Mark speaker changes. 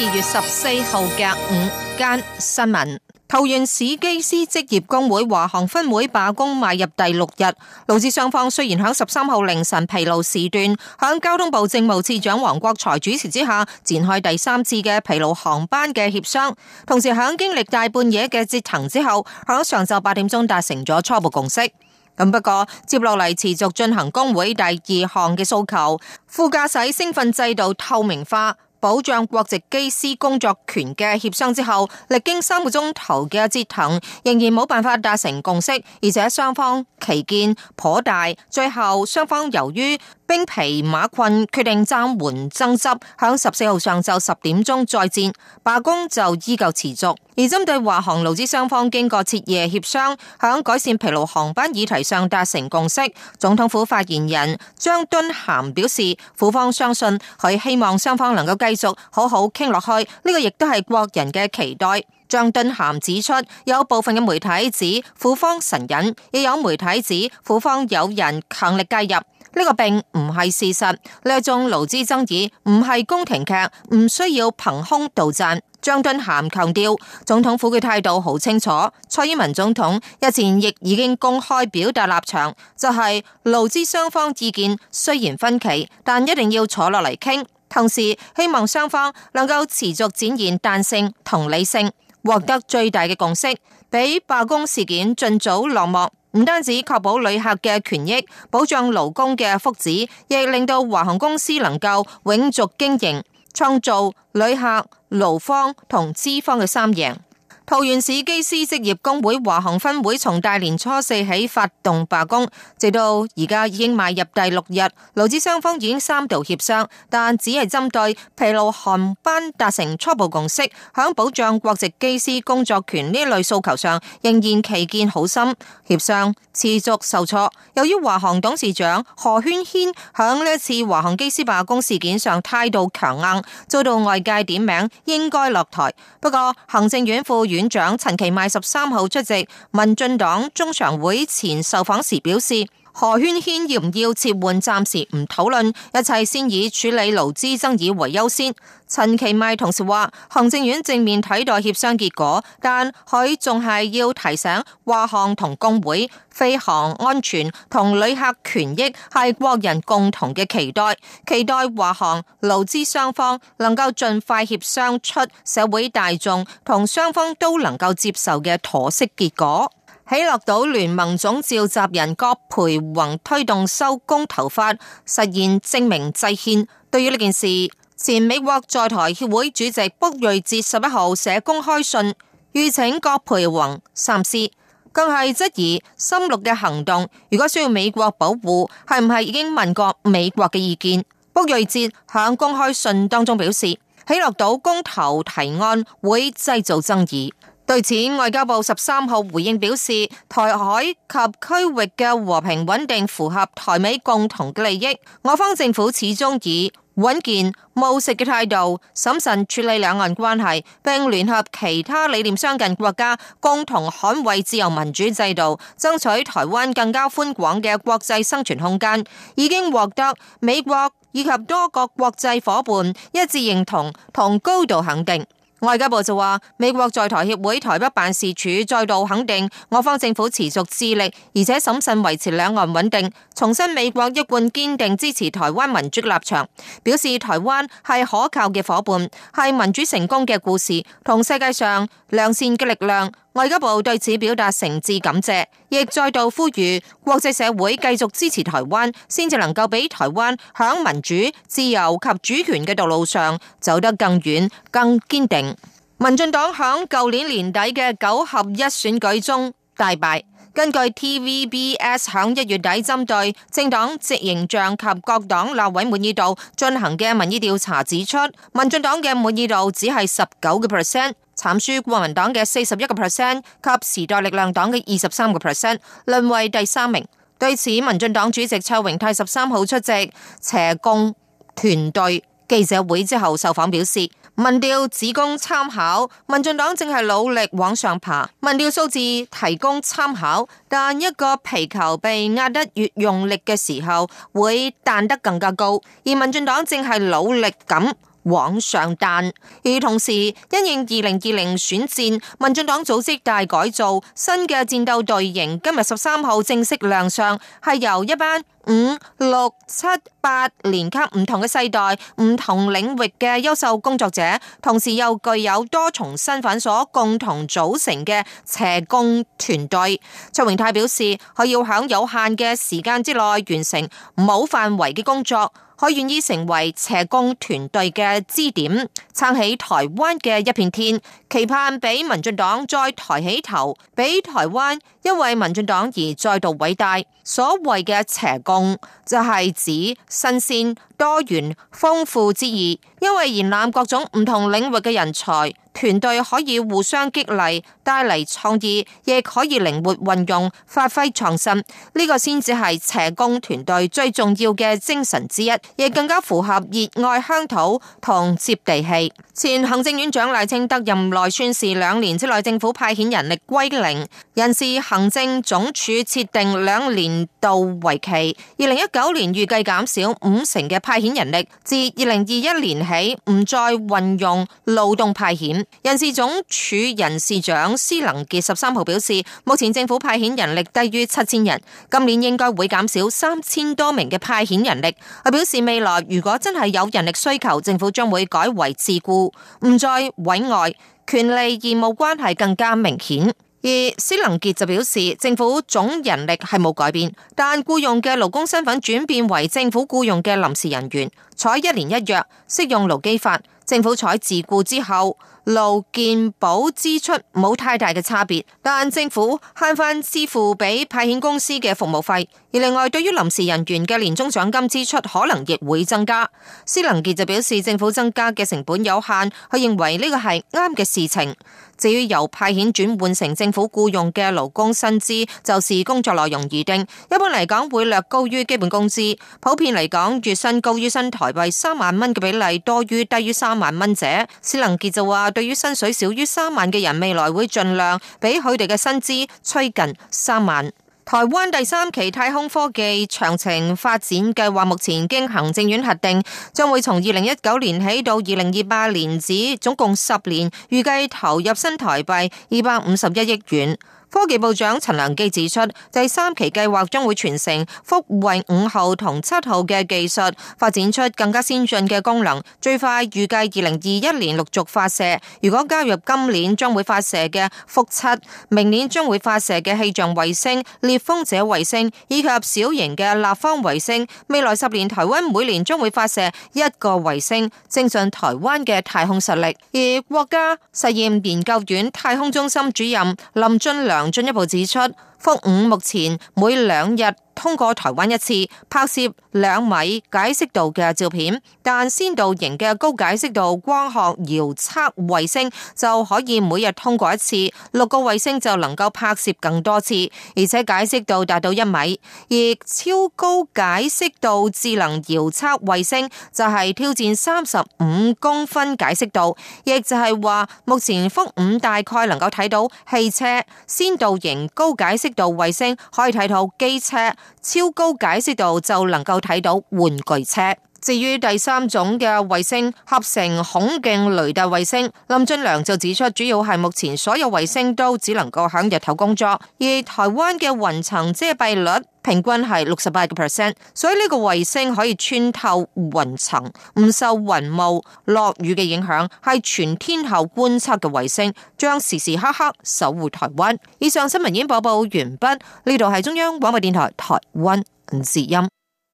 Speaker 1: 二月十四號嘅午間新聞，桃園市機師職業工會華航分會罷工邁入第六日。勞資雙方雖然喺十三號凌晨疲勞時段，響交通部政務次長王國財主持之下展開第三次嘅疲勞航班嘅協商，同時響經歷大半夜嘅折騰之後，響上晝八點鐘達成咗初步共識。咁不過接落嚟持續進行工會第二項嘅訴求副駕駛，副駕駛升訓制度透明化。保障國籍機師工作權嘅協商之後，歷經三個鐘頭嘅折騰，仍然冇辦法達成共識，而且雙方歧見頗大，最後雙方由於兵疲馬困，決定暫緩爭執。響十四號上晝十點鐘再戰。罷工就依舊持續。而針對華航勞資雙方經過徹夜協商，響改善疲勞航班議題上達成共識。總統府發言人張敦涵表示，府方相信佢希望雙方能夠繼續好好傾落去。呢個亦都係國人嘅期待。張敦涵指出，有部分嘅媒體指府方神隱，亦有媒體指府方有人強力介入。呢個並唔係事實，呢種勞資爭議唔係宮廷劇，唔需要憑空杜撰。張敦涵強調，總統府嘅態度好清楚，蔡英文總統日前亦已經公開表達立場，就係、是、勞資雙方意見雖然分歧，但一定要坐落嚟傾。同時希望雙方能夠持續展現彈性同理性，獲得最大嘅共識，俾罷工事件盡早落幕。唔單止確保旅客嘅權益，保障勞工嘅福祉，亦令到華航公司能夠永續經營，創造旅客、勞方同資方嘅三贏。桃園市機師職業工會華航分會從大年初四起發動罷工，直到而家已經邁入第六日。勞資雙方已經三度協商，但只係針對疲勞航班達成初步共識。響保障國籍機師工作權呢一類訴求上，仍然歧見好深。協商持續受挫。由於華航董事長何煖軒響呢一次華航機師罷工事件上態度強硬，遭到外界點名應該落台。不過行政院副院院長陳其邁十三號出席民進黨中常會前受訪時表示。何煖軒要唔要撤換？暫時唔討論，一切先以處理勞資爭議為優先。陳其邁同時話，行政院正面睇待協商結果，但佢仲係要提醒華航同工會、飛航安全同旅客權益係國人共同嘅期待，期待華航勞資雙方能夠盡快協商出社會大眾同雙方都能夠接受嘅妥適結果。喜樂島聯盟總召集人郭倍宏推動修公投法，實現正名制憲。對於呢件事，前美國在台協會主席卜睿哲十一號寫公開信，籲請郭倍宏三思，更係質疑深綠嘅行動。如果需要美國保護，係唔係已經問過美國嘅意見？卜睿哲喺公開信當中表示，喜樂島公投提案會製造爭議。對此，外交部十三號回應表示，台海及區域嘅和平穩定符合台美共同嘅利益。我方政府始終以穩健務實嘅態度審慎處理兩岸關係，並聯合其他理念相近國家共同捍衛自由民主制度，爭取台灣更加寬廣嘅國際生存空間，已經獲得美國以及多個國際夥伴一致認同同高度肯定。外交部就話，美國在台協會台北辦事處再度肯定，我方政府持續致力而且審慎維持兩岸穩定，重申美國一貫堅定支持台灣民主立場，表示台灣係可靠嘅夥伴，係民主成功嘅故事，同世界上良善嘅力量。外交部對此表達誠摯感謝，亦再度呼籲國際社會繼續支持台灣，先至能夠俾台灣響民主、自由及主權嘅道路上走得更遠、更堅定。民進黨響舊年年底嘅九合一選舉中大敗。根據 TVBS 響一月底針對政黨、直形象及各黨立委滿意度進行嘅民意調查指出，民進黨嘅滿意度只係十九個 percent。慘輸國民黨嘅四十一個 percent 及時代力量黨嘅二十三個 percent，淪為第三名。對此，民進黨主席卓榮泰十三號出席斜槓團隊記者會之後受訪表示：民調只供參考，民進黨正係努力往上爬。民調數字提供參考，但一個皮球被壓得越用力嘅時候，會彈得更加高，而民進黨正係努力咁。往上彈，與同時因應2020選戰，民進黨組織大改造，新嘅戰鬥隊型今日十三號正式亮相，係由一班五六七八年級唔同嘅世代、唔同領域嘅優秀工作者，同時又具有多重身份所共同組成嘅斜槓團隊。卓榮泰表示，佢要喺有限嘅時間之內完成冇範圍嘅工作。我願意成為斜槓團隊嘅支點，撐起台灣嘅一片天，期盼俾民進黨再抬起頭，俾台灣因為民進黨而再度偉大。所謂嘅斜槓就係、是、指新鮮、多元、豐富之意。因為延攬各種唔同領域嘅人才，團隊可以互相激勵，帶嚟創意，亦可以靈活運用，發揮創新。呢、這個先至係斜槓團隊最重要嘅精神之一，亦更加符合熱愛鄉土同接地氣。前行政院長賴清德任內宣示，兩年之內政府派遣人力歸零，人事行。行政總署設定兩年度為期，二零一九年預計減少五成嘅派遣人力，自二零二一年起唔再運用勞動派遣。人事總處人事長施能傑十三號表示，目前政府派遣人力低於七千人，今年應該會減少三千多名嘅派遣人力。佢表示，未來如果真係有人力需求，政府將會改為自雇，唔再委外，權利義務關係更加明顯。而施能傑就表示，政府總人力係冇改變，但雇傭嘅勞工身份轉變為政府雇傭嘅臨時人員，採一年一約，適用勞基法。政府採自雇之後。勞健保支出冇太大嘅差別，但政府慳翻支付俾派遣公司嘅服務費，而另外對於臨時人員嘅年終獎金支出可能亦會增加。施能傑就表示，政府增加嘅成本有限，佢認為呢個係啱嘅事情。至於由派遣轉換成政府僱用嘅勞工薪資，就視工作內容而定，一般嚟講會略高於基本工資。普遍嚟講，月薪高於新台幣三萬蚊嘅比例多於低於三萬蚊者。施能傑就話。對於薪水少於三萬嘅人，未來會盡量俾佢哋嘅薪資趨近三萬。台灣第三期太空科技長程發展計劃目前經行政院核定，將會從二零一九年起到二零二八年止，總共十年，預計投入新台幣二百五十一億元。科技部長陳良基指出，第三期計劃將會傳承福衛五號同七號嘅技術，發展出更加先進嘅功能。最快預計二零二一年陸續發射。如果加入今年將會發射嘅福七，明年將會發射嘅氣象衛星獵風者衛星，以及小型嘅立方衛星，未來十年台灣每年將會發射一個衛星，精進台灣嘅太空實力。而國家實驗研究院太空中心主任林俊良，進一步指出，福五目前每兩日通過台灣一次，拍攝兩米解釋度嘅照片，但先導型嘅高解釋度光學遙測衛星就可以每日通過一次，六個衛星就能夠拍攝更多次，而且解釋度達到一米，而超高解釋度智能遙測衛星就係挑戰三十五公分解釋度，亦就係話目前福五大概能夠睇到汽車先導型高解釋。度衛星可以睇到機車，超高解析度就能夠睇到玩具車。至於第三種嘅衛星合成孔徑雷達衛星，林俊良就指出，主要係目前所有衛星都只能夠響日頭工作，而台灣嘅雲層遮蔽率平均係六十八個 percent，所以呢個衛星可以穿透雲層，唔受雲霧、落雨嘅影響，係全天候觀測嘅衛星，將時時刻刻守護台灣。以上新聞已經播報完畢，呢度係中央廣播電台台灣之音。